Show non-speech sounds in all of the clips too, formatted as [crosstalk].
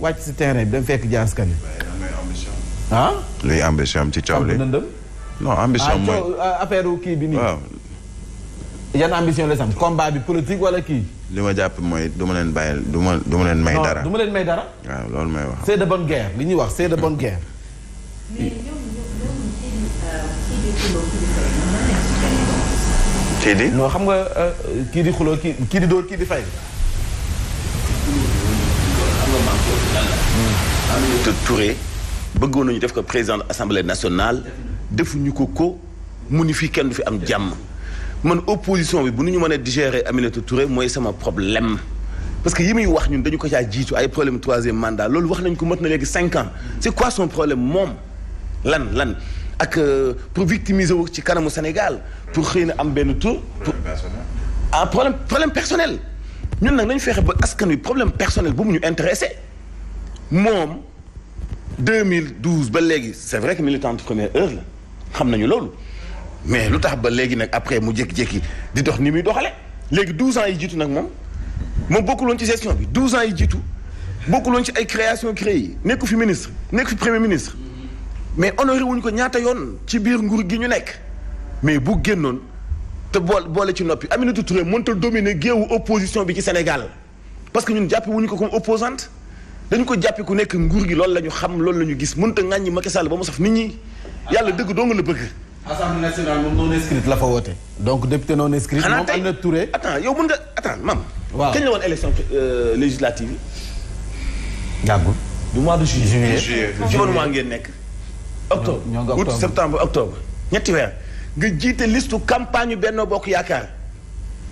wàcc si terrain bi dem fekk jaaskan yi. ah. luy ambition am ci coow li non ambition ah, mooy ah, affaire kii bi nii. waaw. yan ambition la sam combat bi politique wala kii. li ma jàpp mooy du leen bàyyi du ma du ma leen may dara. ma leen may dara. waaw loolu may wax. c'est de bonne guerre li ñuy wax c'est de bonne guerre. kii di. non xam nga euh, kii di xuloo kii di dóor kii di fay. gouvernement bëggoon nañu def ko président assemblée nationale. defuñu ko ko mu ni fii kenn du fi am jàmm. man opposition bi bu nu ñu mën a digérer Aminata Touré mooy sama problème. parce que yi muy wax ñun dañu ko caa jiitu ay problème troisième mandat loolu wax nañ ko mat na léegi cinq ans c'est quoi son problème moom lan lan ak euh, pour victimiser wu ci kanamu Sénégal pour xëy na am benn tour pour ah problème problème personnel ñun nag nañu fexe ba askan wi problème personnel bu mu ñu intéressé moom 2012 ba léegi c'est vrai que militante première heure la xam nañu loolu mais lu tax ba léegi nag après mu jékki-jékki di dox ni muy doxale léegi 12 ans yi jiitu nag moom moom bokkuloon ci gestion bi 12 ans yi jiitu bokkuloon ci ay création créé yi nekku fi ministre nekku fi premier ministre mais honoré wuñ ko ñaata yoon ci biir nguur gi ñu nekk mais bu génnoon. te bool boole ci noppi Aminata Touré mënta dominer géewu opposition bi ci Sénégal parce que ñun jàppee wuñu ko comme opposante dañu ko jàppee ku nekk nguur gi loolu la ñu xam loolu la ñu gis mënta ŋàññi Macky Sall ba mu saf nit ñi yàlla dëgg doo nga la bëgg. assemblée moom non inscrite la fa woote. donc député non inscrite. xanaa tey moom Aminata Touré. attends yow mën nga attends maam. waaw kañ la woon élection euh, législative yi. yàggul du mois de juillet. juillet juillet ci ban ngeen nekk. octobre août septembre octobre ñetti weer. nga jiite listu campagne yu Benno Bokk Yaakaar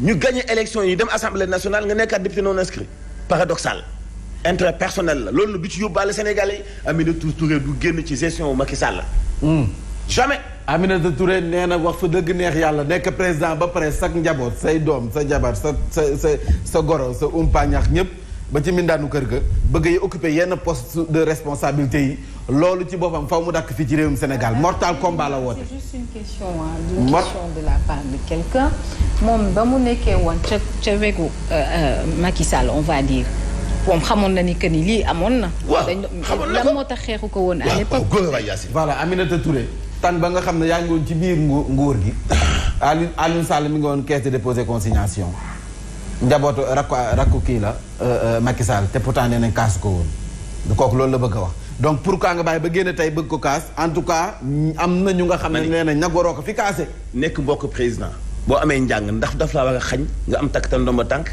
ñu gagné élection yi dem assemblée nationale nga nekkaat député non inscrit paradoxal intérêt personnel la loolu du ci yóbbaale Sénégalais yi Aminata Touré du génn ci gestion Macky Sall. Hmm. jamais. Aminata Touré nee na wax fa dëgg neex yàlla nekk président ba pare sa njaboot say doom sa jabar sa sa sa sa goro sa umpaañax ñëpp ba ci mindaanu kër ga bëgg yi occuper yenn post de responsabilité yi. loolu ci boppam faw mu dakk fii ci réewum Sénégal mortal combat la woote. c'est la part de quelqu'un moom ba mu nekkee woon ca ca wegu euh, euh, Macky Sall on va dire moom xamoon na ni que ni lii amoon na. waaw xamoon na ko moo tax xeexu ko woon. à l'époque voilà Aminata Touré. tan ba nga xam ne yaa ngi woon ci biir nguur gi Aliou ah. Aliou Sall mi ngi woon caisse de déposer consignation. njabootu rakku rakku kii la euh, Macky Sall te pourtant nee nañ kaas ko woon kooku loolu la bëgg a wax. donc pour pourquoi nga bàyyi ba génn tey bëgg ko kaas en tout cas am na ñu nga xam ne nee nañ nag waroo ko fi kaase. nekk mbokk président boo amee njàng ndax daf laa war a xañ nga am takk tan ndomba tànk.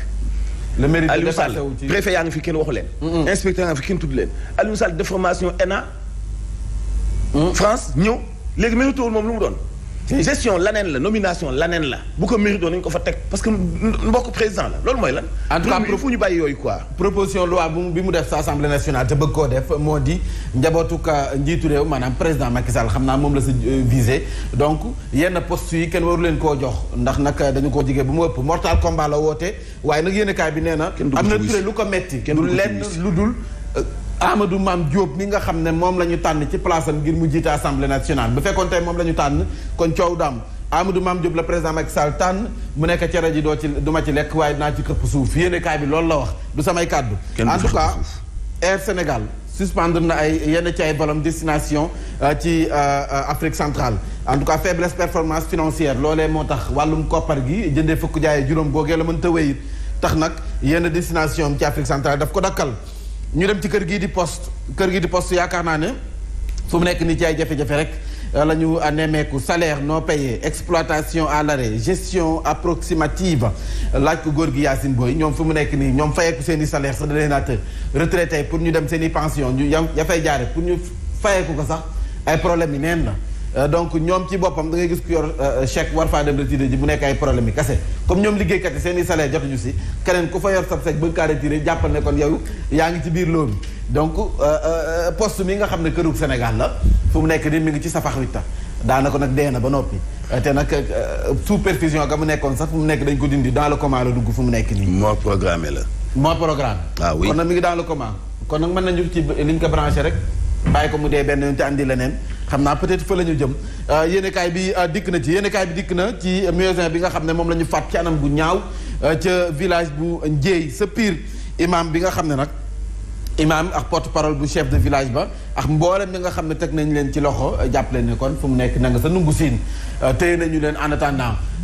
le mérite Aliou Sall préfet yaa ngi fi kenn waxu leen. inspecteur yaa ngi fi kenn tudd leen. Aliou Sall de formation ENA. Mm. France ñëw léegi mérite wul moom lu mu doon. gestion laneen la nomination laneen la bu ko mérite nañu ko fa teg parce que mbokk président la loolu mooy lan. en tout cas fu ñu bàyyi yooyu quoi. proposition loi bi mu def sa assemblée nationale te bëgg koo def moo di njabootuk njiitu réew maanaam président Macky Sall xam naa moom la si euh, visé donc yenn poste yi kenn waru leen koo jox ndax nag dañu koo jigee bu mu ëpp mortal combat la woote waaye nag yéen kaay bi nee na. am na Touré lu ko metti lu lenn lu dul. Euh, Amadou Mame Diop ni nga xam ne moom la ñu tànn ci place am ngir mu jiite assemblée nationale bu fekkoon tey moom la ñu tànn kon coow daam Amadou Mame Diop la président ak saal tànn mu nekk cere ji doo ci du ma ci lekk waaye dinaa ci këpp suuf yéenekaay bi loolu la wax du samay kàddu en tout cas Air Sénégal suspendre na ay yenn ci ay bolom destination euh, ci euh, euh, Afrique centrale en tout cas faiblesse performance financière loolee moo tax wàllum koppar gi jëndee fukk jaayee juróom googee la mënta wéyit tax nag yenn destination ci Afrique daf ko dakkal ñu dem ci kër gii di post kër gi di post yaakaar naa ne fu mu nekk nii ci ay jafe-jafe rek euh, la ñu euh, nemmeeku salaire non payé exploitation à l'arrêt gestion approximative laaj ko góor gi Yacine Boy ñoom fu mu nekk nii ñoom fayeeku seen i salaire sax da leen a retraité pour ñu dem seeni i pension ñu ya ya fay jaare pour ñu fayeeku ko sax ay problème yi neen la Euh, donc ñoom ci boppam da gis ku yor euh, chèque war faa dem retiré ji mu nekk ay problème bi kase comme ñoom liggéeykat yi seen i salaire jotuñu si keneen ku fa yor sab chèque bëgg kaa retiré jàppal ne kon yow yaa ngi ci biir loo donc euh, post mi nga xam ne kërug Sénégal la fu mu nekk nii mi ngi ci sa wi ta daanako nag dee na ba noppi te nag sous perfusion ga mu nekkoon sax fu mu nekk dañ ko dindi dans le coma la dugg fu mu nekk nii. moo programmé la. m programme. ah oui kon nag mi ngi dans kon nag mën nañu ci liñ ko branché rek bàyyi ko mu dee benn yoon te leneen. xam naa peut-être fa la ñu jëm euh, yéenekaay bi euh, dikk na ci yéenekaay bi dikk na ci muezzin bi nga xam ne moom la ñu faat ci anam gu ñaaw euh, ca village bu Ndiéy sa piir imam bi nga xam ne nag imam ak porte-parole bu chef de village ba ak mboolem ñi nga xam ne teg nañ leen ci loxo jàpp leen ne kon fu mu nekk na nga sa nungu siin téye nañu leen en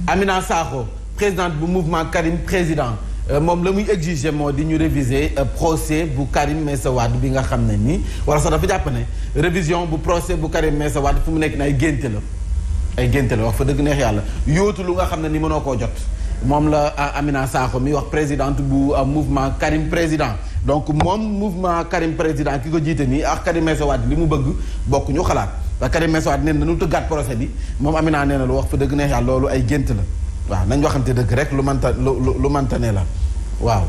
ami naa Sakho présidente bu mouvement Karim président Euh, moom la muy exiger moo di ñu réviser euh, procès bu Karim Meïssa Wade bi nga xam ne nii wala sax dafa jàpp ne révision bu procès bu Karim Meïssa Wade fu mu nekk nii ay génte la ay génte la wax fa dëgg neex yàlla yootu lu nga xam ne ni mënoo koo jot moom la euh, Amina Sakho mi wax présidente bu mouvement Karim président donc moom mouvement Karim président ki ko jiite nii ak Karim Meïssa Wade li mu bëgg bokk ñu xalaat ba Karim Meïssa Wade neen nañu tëggaat procès bi moom Amina nee na lu wax fa dëgg neex loolu ay gént la waaw nañ waxante dëgg rek lu manta lu lu mantane la waaw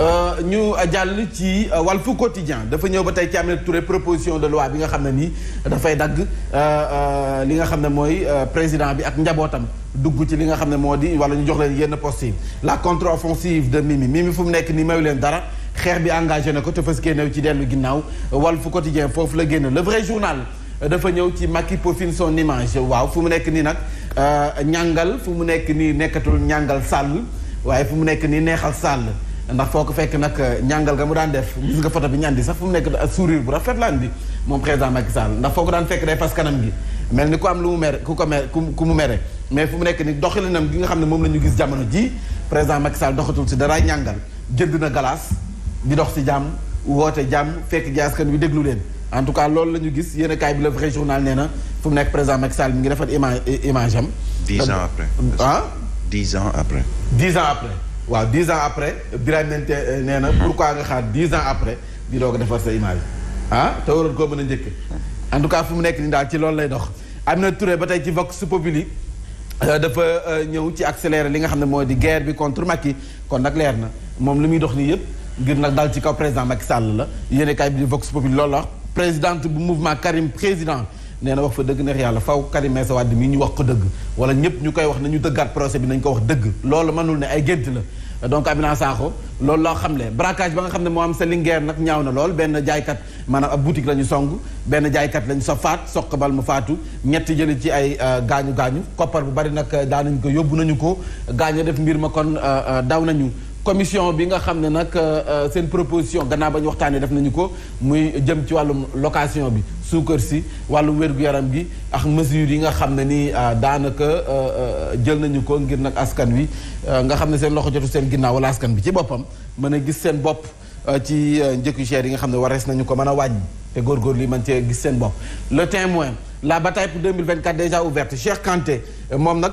euh, ñu euh, jàll ci euh, Walfu Quotidien dafa ñëw ba tey ci Aminata Touré proposition de loi bi nga xam ne nii dafay dagg li nga xam ne mooy président bi ak njabootam dugg ci li nga xam ne moo di wala ñu jox leen yenn postes yi la contre-offensive de Mimi Mimi fu mu nekk nii mayu leen dara xeex bi engagé na ko te fas génnew ci dellu ginnaaw Walfu Quotidien foofu la génn le vrai journal dafa ñëw ci Macky peaufine son image waaw fu mu nekk nii nag Euh, ñàngal fu mu nekk nii nekkatul ñàngal sàll waaye fu mu nekk nii neexal sàll ndax foo ko fekk nag euh, ñàngal ga mu daan def gis nga photo bi ñandi sax fu mu nekk euh, sourire bu rafet la andi moom président Macky Sall ndax foo ko daan fekk day fas kanam gi mel ni ku am lu mu mere ku ko mere ku mu mere mais fu mu nekk ni doxalinam gi nga xam ne moom la ñu gis jamono ji président Macky Sall doxatul si dara ñàngal jënd na galaas di dox si jàmm woote jàmm fekk ji askan wi déglu leen en tout cas loolu la ñu gis yéen a kaay bi le vrai journal na fu mu nekk président Macky Sall mi ngi defar image image am. dix ans euh, après. Ah? ans après. dix ans après waaw dix ans après Birame Ndeye euh, nee na. pourquoi nga xaar dix ans après di doog a defar sa image ah te waroon koo mën a njëkk. en tout cas fu mu nekk nii daal ci loolu lay dox Amina ture ba tey ci Vox Populi euh, dafa ñëw ci accélérer li nga xam ne mooy di guerre bi contre Macky kon nag leer na moom li muy dox nii yëpp ngir nag daal ci kaw président Macky Sall la yéen a kaay bi di Vox Populi loolu la présidente bu mouvement Karim président. nee wax fa dëgg neex yàlla faw Karim Meïssa Wade mii ñu wax ko dëgg wala ñëpp ñu koy wax nañu dëggaat procès bi nañ ko wax dëgg loolu mënul ne ay gént la donc Amina Sakho loolu loo xam ne braquage ba nga xam ne moo am sa lingeer nag ñaaw na lool benn jaaykat maanaam a boutique la ñu song benn jaaykat lañ sa faat soq bal mu faatu ñetti jëli ci ay euh, gaañu gaañu koppar bu bari nag euh, daanañ ko yóbbu nañu ko gaañu def mbir ma kon euh, daw nañu commission bi nga xam ne nag euh, euh, seen proposition gannaaw ba ñu wi def nañu ko muy jëm ci wàllum location bi suukar si wàllum wér-gu-yaram bi ak mesures yi nga xam ne ni euh, daanaka jël nañu ko ngir nag askan wi nga xam ne seen loxo jotu seen ginnaaw wala askan bi ci boppam mën a gis seen bopp ci njëkku cher yi nga xam ne warees nañu ko mën a wàññi te góorgóorlu yi mën cee gis seen bopp le témoin la bataille pour 2024 déjà ouverte Cheikh Kanté moom nag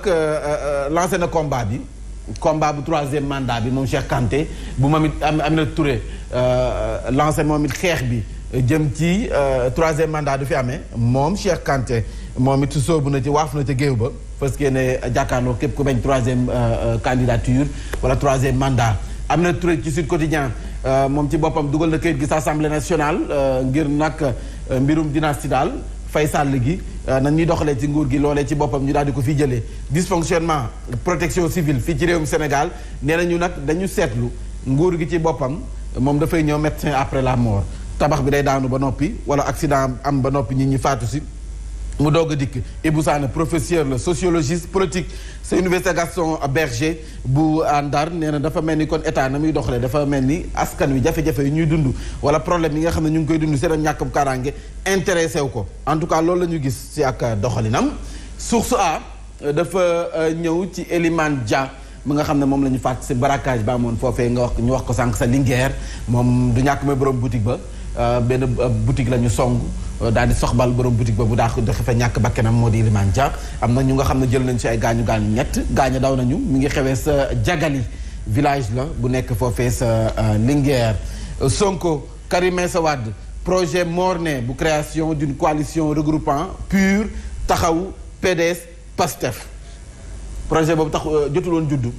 lancé na combat bi combat bu troisième mandat bi moom Cheikh Kanté bu am it Aminata Touré euh, lancé moom it xeex bi jëm ci euh, troisième mandat du fi amee moom Cheikh Kanté moom it soobu na ci waaf na ca géew ba parce que ne jàkkaarloo képp ku bañ troisième euh, candidature wala troisième mandat na Touré ci Sud Quotidien moom ci boppam dugal na këyit gi sa assemblée nationale ngir nag mbirum dynastie daal fay sàll gi euh, nan ñuy doxalee ci nguur gi loolee ci boppam ñu daal di ko fi jëlee dysfonctionnement protection civile fii ci réewum Sénégal nee nañu nag dañu seetlu nguur gi ci boppam moom dafay ñëw médecin après la mort tabax bi day daanu ba noppi wala accident am ba noppi nit ñi faatu si mu doog a dikk Ibou Sane professeur la sociologiste politique sa université Gaston Berger bu Ndar nee na dafa mel ni kon état na muy doxalee dafa mel ni askan wi jafe-jafe yi ñuy dund wala problème yi nga xam ne ñu ngi koy dund seen bu kaaraange intéressé wu ko en tout cas loolu la ñu gis ci ak doxalinam. source A dafa euh, ñëw ci éliment Dia mi nga xam ne moom la ñu fàtt ci braquage ba moon foofee nga wax ñu wax ko sànq sa Linguère moom du ñàkk mooy borom boutique ba. Euh, benn euh, boutique la ñu song euh, daal di soxbal borom boutique boobu daa ko fa ñàkk bakkanam moo di Limane Dia am na ñu nga xam ne jël nañ si ay gaañu gaañu ñett gaañu daw nañu mu ngi xewee sa Jagali village la bu nekk foofee sa Linguère Sonko Karim Meïssa Wade projet Morne bu création d'une coalition regroupant PUR Taxawu PDS PASTEF projet boobu tax jotul woon juddu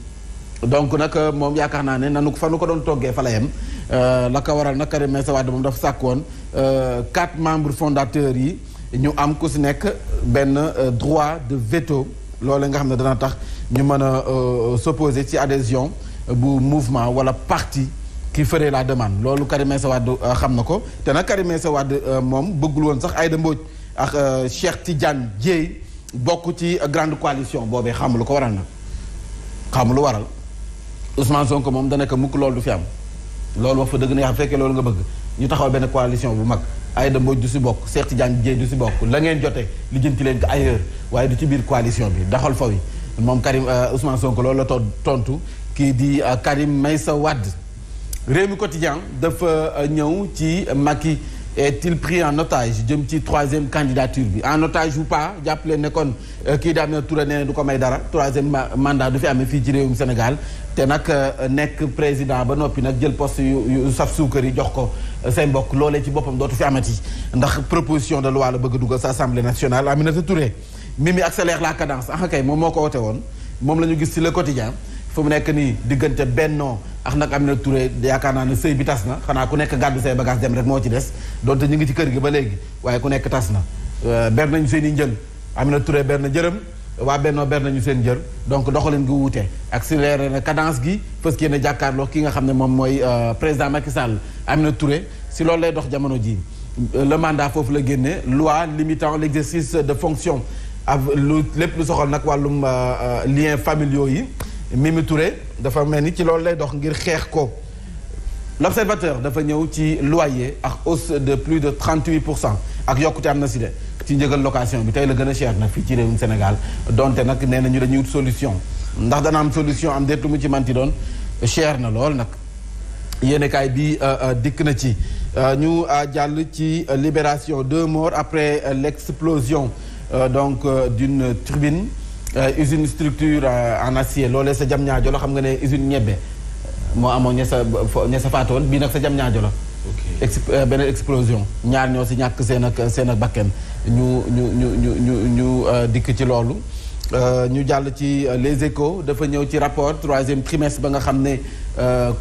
donc nag moom yaakaar naa ne nanu fa nu ko doon toggee fa la yem Euh, la ko waral na Karim Meïssa Wade moom dafa sàkk woon euh, quatre membres fondateurs yi ñu am ku si nekk benn euh, droit de veto loolu nga xam ne dana tax ñu mën a s'opposer ci adhésion bu mouvement wala parti qui ferait la demande loolu Karim Meïssa Wade xam na ko te nag Karim Meïssa Wade moom bëggul woon sax Aïda Mbodj ak Cheikh Tidiane Dièye bokk ci grande coalition boobee xam lu ko waral nag xam lu waral Ousmane Sonko moom dana ko mukk loolu du fi am. loolu wax fa dëgg neex fekkee loolu nga bëgg ñu taxaw benn coalition bu mag Aïda Mbodj du si bokk Cheikh Tidiane Dièye du si bokk la ngeen jote lijjanti leen ko ailleurs waaye du ci biir coalition bi daxal fa wi moom Karim euh, Ousmane Sonko loolu la too tontu kii di euh, Karim sa Wade réew mi quotidien dafa euh, ñëw ci mag yi est-il pris en otage jëm ci troisième candidature bi en otage ou pas jàppale ne kon euh, kii am na Touré nee du ko may dara troisième mandat du fi amee fii ci réewum Sénégal te nag euh, nekk président ba noppi nag jël poste yu saf suukar yi jox ko euh, say mbokk loolee ci boppam dootu fi amati ndax proposition de loi la bëgg a dugal sa assemblée nationale Aminata Touré mi mi accélère la cadence ah kay moom moo ko wote woon moom la ñu gis ci le ja fu mu nekk nii diggante Benno ax nag am na ture yaakaar naa ne sëy bi tas na xanaa ku nekk gàddu say bagage dem rek moo ci des donte ñu ngi ci kër gi ba léegi waaye ku nekk tas na euh, ber nañu seen i njël Amina Touré ber na jërëm waa Benno ber nañu seen jër donc doxalin gi si accéléré na cadence gi fës yéen a jàkkaarloo ki nga xam ne moom mooy euh, président Macky am na Touré si loolu lay dox jamono jii le mandat foofu la génne loi limitant l' exercice de fonction ak lu lépp lu soxal nag wàllum euh, liens familiaux yi Mimi Touré dafa mel ni ci loolu lay dox ngir xeex ko l'observateur dafa ñëw ci loyer ak hausse de plus de 38 pour cent ak yokkute am na si de ci njëgal location bi tey la gën a cher nag fii ci réewum Sénégal donte nag nee nañu dañuy solution ndax dana am solution am déet lu mu ci manti doon cher na lool nag yéenekaay bi euh, euh, dikk na ci euh, ñu jàll ci libération deux morts après l'explosion donc d'une turbine Euh, usine structure euh, en acier loolee sa jam ñaajo la xam nga ne usine ñebbe euh, moo amoon ña sa ña sa faatoon bii nag sa jam ñaajo la ok beneen explosion ñaar ñoo si ñàkk seen ak seen ak bakken ñu ñu ñu ñu ñu ñu dikk ci loolu ñu jàll ci les échos dafa ñëw ci rapport troisième trimestre ba nga xam ne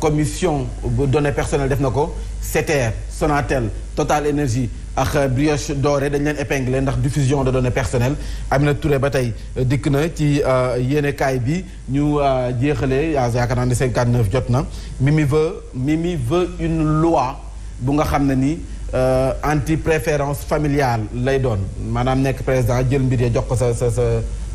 commission bu données personnelles def na ko SETER Sonatel Total Énergie ak brioche doore dañ leen épinglé ndax diffusion de données personnelles Amina Touré ba tey euh, dikk na ci euh, yéenekaay bi ñu euh, jeexalee ah, yaakaar naa ne 59 jot na Mimi veut Mimi veu une loi bu nga xam ne ni anti préférence familiale lay doon maanaam nekk président jël mbir ya jox ko sa sa sa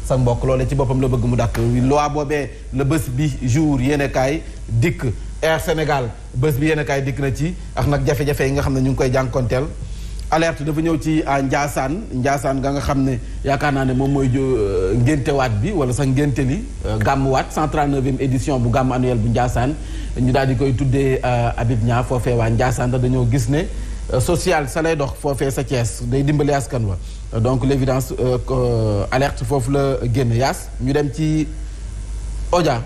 sa mbokk loolee ci boppam la bëgg mu dakk loi boobee la bés bi jour yéenekaay dikk Air Sénégal bés bi yéenekaay dikk na ci ak nag jafe-jafe yi nga xam ne ñu ngi koy jànkonteel alerte dafa ñëw ci ah, Ndiassane Ndiassane nga nga xam ne yaakaar naa ne moom mooy euh, ngéntewaat bi wala sax ngénte li euh, gàmmuwaat 139e édition bu gàmmu annuel bu Ndiassane ñu daal di koy tuddee euh, Habib Niang foofee waa Ndiassane da dañoo gis ne social sa dox foofee sa Thiès day dimbali askan wa donc l'évidence alerte foofu la génn yaas ñu dem ci Odia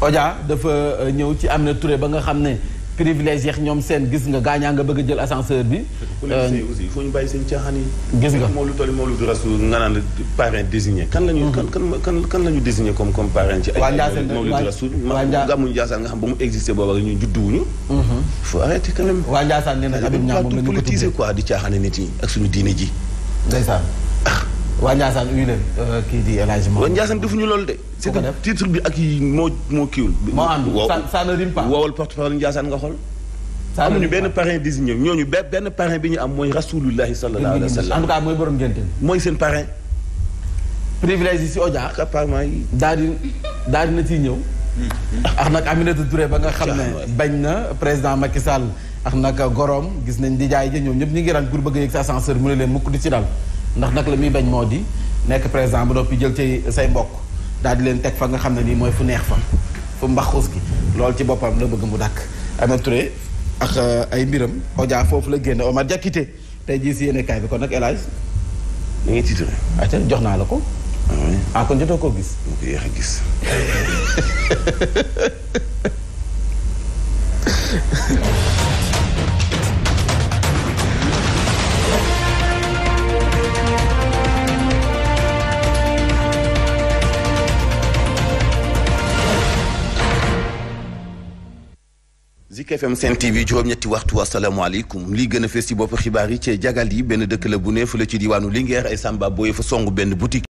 Odia dafa ñëw ci am Amina Touré ba nga xam ne privilège yeex ñoom seen gis nga gaañaa nga bëgg a jël ascenseur bi. politicien aussi il faut ñu bàyyi seen caaxaan yi. gis nga moom lu toll moom lu du rasu nga naan parrain désigné. kan la ñu mhm. kan kan kan la ñu désigné comme comme parrain ci ay. waa Ndiassane moom lu du rasu. waa Ndiassane gàmmu nga xam ba mu existé booba rek ñun judduwuñu. il mhm. faut arrêter quand même. waa Ndiassane nee na Habib Niang moom la ñu ko politiser quoi di caaxaane nit yi ak suñu diine ji. waa Ndiassane uyu euh, leen kii di El Hadj Maodo. defu ñu lool loolu de. c'est que titre bi ak yi moo moo kiiwul. moo ànd ça ne rime pas woowal porte-parole Ndiassane nga xool. amuñu benn parrain désigné ñooñu benn parrain bi ñu am mooy rasulullahi sallallahu alayhi wa sallam. en tout mooy borom ngénte mooy seen parrain. privilège yi si Odia. apparemment yi. daal di daal di na ciy ñëw. ak nag Aminata Touré ba nga xam ne bañ na président Macky Sall ak nag Gorom gis nañ di jaay ji ñoom ñu ngi ran pour bëgg a yegg sa ascenseur mu ne leen mukk di ci dal ndax nag la muy bañ moo di nekk président bu noppi jël ci say mbokk daal di leen teg fa nga xam ne nii mooy fu neex fa fu mbaxus gi loolu ci boppam la bëgg mu dàkk Aminata Touré ak euh, ay mbiram Odia foofu la génne ma jàkkite tey jii si yéene kaay bi kon nag El Hadj mu ngi titre jox naa la ko ah, ah kon jotoo koo gis mu ko yéex a gis [laughs] Zik FM Sen TV juróom-ñetti waxtu asalaamaaleykum lii gën a fees ci bopp xibaar yi ci jagal yi benn dëkk la bu ne la ci diwaanu Linguère ay Samba booye fa song benn boutique.